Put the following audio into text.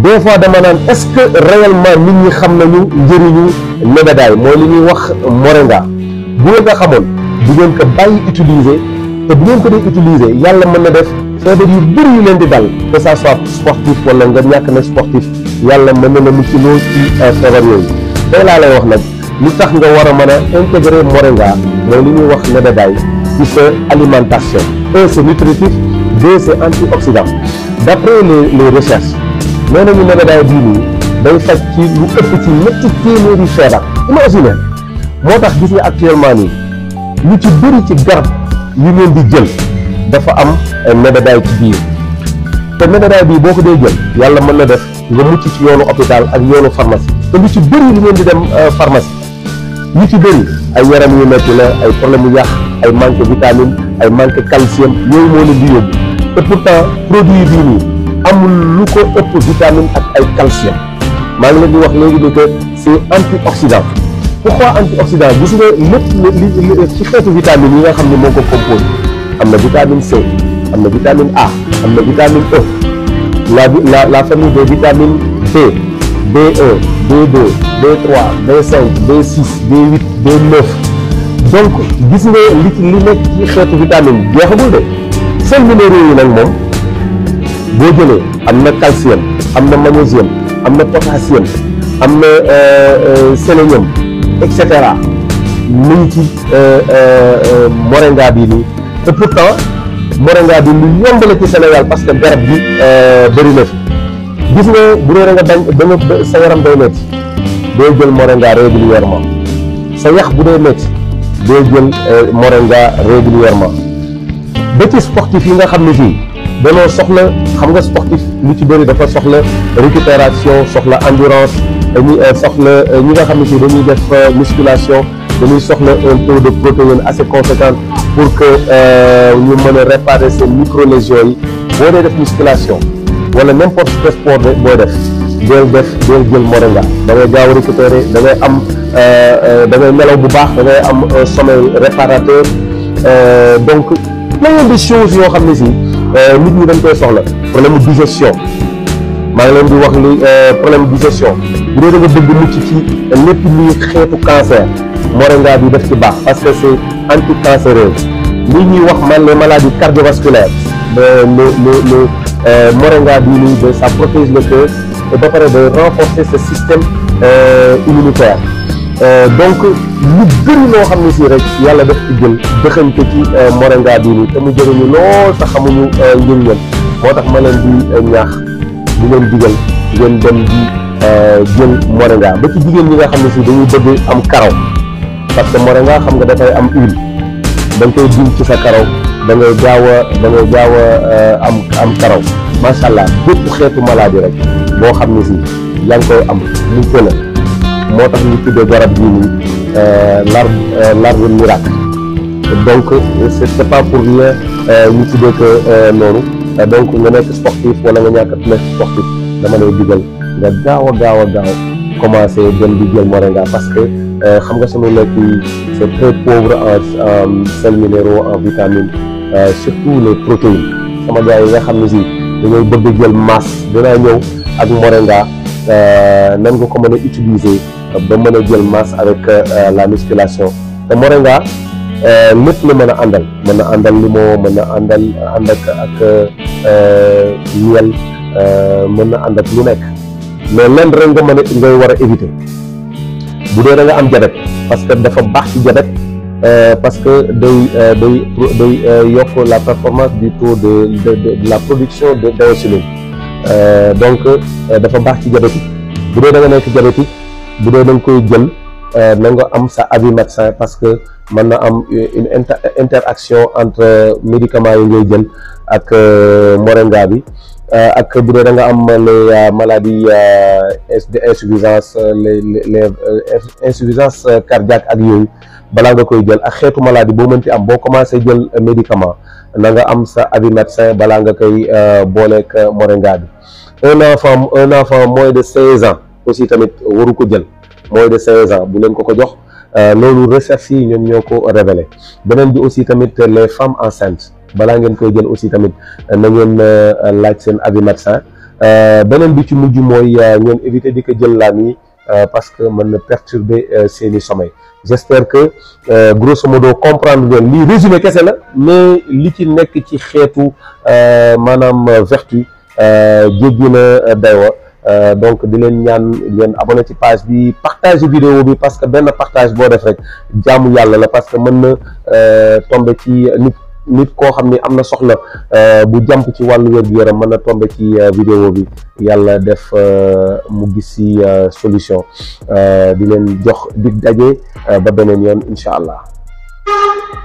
des fois dama naan est-ce que réellement nit ñi xam nañu njëriñu nebedaay mooy li ñuy wax moringa bu ngeen ko xamoon du ngeen ko bàyyi utiliser te bu ngeen ko dee utiliser yàlla mën na def feebar yu bëri yu leen di dal que ça soit sportif wala nga ñàkk na sportif yàlla mën na la mucc loo ci euh, feebar yooyu tey laa lay wax nag lu tax nga war a mën a intégrer moringa mooy li ñuy wax nebedaay ci sa alimentation un c'est nutritif deux c'est antioxydant d'après les les nee nañu nebedaay bii nii day faj ci lu ëpp ci ñetti téeméeri feebar imagine moo tax gis nga actuellement nii lu ci bëri ci garab yu ngeen di jël dafa am nebedaay ci te nebedaay bii boo ko dee jël yàlla mën na def nga mucc ci yoonu hôpital ak yoonu pharmacie te lu ci bëri lu ngeen di dem euh, pharmacie lu ci bëri ay yaram yu metti la ay problème yu yàq ay manque vitamine ay manque calcium yooyu moo leen yóbbu te pourtant produit bii nii amul lu ko ëpp vitamine ak ay calcium maa ngi leen di wax léegi ni que c'est antioxydant pourquoi antioxydant gis nga lépp li ci xeetu vitamine yi nga xam ne moo ko composé am na vitamine C am na vitamine A am na vitamine E la la la famille des vitamines B B1 B2 B3 B5 B6 B8 B9 donc gis nga li li nekk ci xeetu vitamine jeexagul de seen minéraux yi nag moom boo jëlee am na calcium am na magnésium am na potassium am na euh, euh, sélénium et mu ngi ci euh, moringa bii nii te pourtant lu yomb la ci Sénégal parce que garab bi bëri na fi gis nga bu dee da nga da nga sa yaram day métti doo jël moringa régulièrement sa yax bu dee métti doo jël moringa régulièrement ba ci sportif nga xam ne fii danoo soxla xam nga sportif lu ci bëri dafa soxla récupération soxla endurance dañuy euh, soxla euh, ñi nga xam ne dañuy def euh, musculation dañuy soxla un taux de protéine assez conséquent pour que ñu mën a réparer seen micro lésions yi boo dee def musculation wala n'importe quel sport booy def deel def deel jël moringa da ngay gaaw récupérer da ngay am da ngay nelaw bu baax da ngay am un sommeil réparateur donc plein de choses yoo xam ne si Euh, nit ñi dañ koy soxla problème digestion maa ngi leen di wax li euh, problème digestion bu dee da nga bëgg mucc ci lépp luy xeetu cancer moringa bi def ci baax parce que c'est anticancéreux li ñuy wax man les maladies cardiovasculaires le le le euh, moringa bii nii de ça protège le cœur et ba pare de renforcer ce système immunitaire Euh, donc lu bëri xam ne si rek yàlla daf ci jël dëxañ ko ci euh, moringa bii nii te mu jëriñu lool te xamuñu euh, njëriñam moo tax ma leen di ñax di leen digal ngeen dem di jël moringa ba ci jigéen ñi nga xam ne si dañuy bëgg am karaw parce que moringa xam nga dafay am huile dañ koy diw ci sa karaw da ngay gaaw a da am am karaw macha allah bépp xeetu maladie rek boo xam ne si yaa ngi koy am mu tëla moo tax ñu tuddee garab gii nii euh, l'arbre euh, l'arbre miracle donc c'est pas pour rien euh, ñu tuddee que noonu donc nga nekk sportif wala nga ñàkk nekk sportif dama lay digal nga gaaw a gaaw a gaaw commencé dem di jël moringa parce que xam nga sunu lekk c'est très pauvre en en sels minéraux en vitamines surtout les protéines sama gars yi nga xam ne si dañoo bëgg jël masse dinaa ñëw ak moringa nan nga ko mën a utiliser ba mën a jël masse avec euh, la musculation te moringa euh, lépp la mën a àndal mën na àndal limon mën a àndal ànd ak ak euh, miel mën na ànd ak lu nekk mais lenn rek nga mën a ngay war a éviter bu dee da nga am jabet parce que dafa baax ci jabet parce que day day day yokk la performance du taux de de de la production de d'insuline donc dafa baax ci jabet yi bu dee da nekk jabet yi bu dee dañ koy jël euh, na nga am sa avis médecin parce que mën na am une interaction entre médicaments yi ngay jël ak euh, moringa bi euh, ak bu dee da nga am les maladies de insuffisance les les cardiaque ak yooyu balaa nga koy jël ak xeetu maladie boo mënti am boo commencé jël médicament na nga am sa avis médecin balaa nga koy booleeg moringa bi un enfant un enfant moins de ans aussi tamit waru ko jël mooy de seize ans bu leen ko ko jox euh, loolu recherce yi ngeen ñoo ko révélé beneen bi aussi tamit les femmes enceintes balaa ngeen koy jël aussi tamit na ngeen euh, laaj seen avis médecin euh, beneen bi ci mujj mooy ngeen éviter di ko jël laam yi parce que mën na perturber seeni sommeil j'espère que grosso modo comprendre ngeen lii résumé kese la mais li ci nekk ci xeetu maanaam vertu jéggi na daywa Euh, donc di leen ñaan ngeen abonné ci page bi partage vidéo bi parce que benn partage boo def rek jaamu yàlla la parce que mën na euh, tombe ci nit nit koo xam ni am na soxla euh, bu jàmp ci wàllu wér-gu-yaram mën na tombe ci vidéo bi yàlla def mu gis si solution di leen jox di daje ba beneen yoon incha allah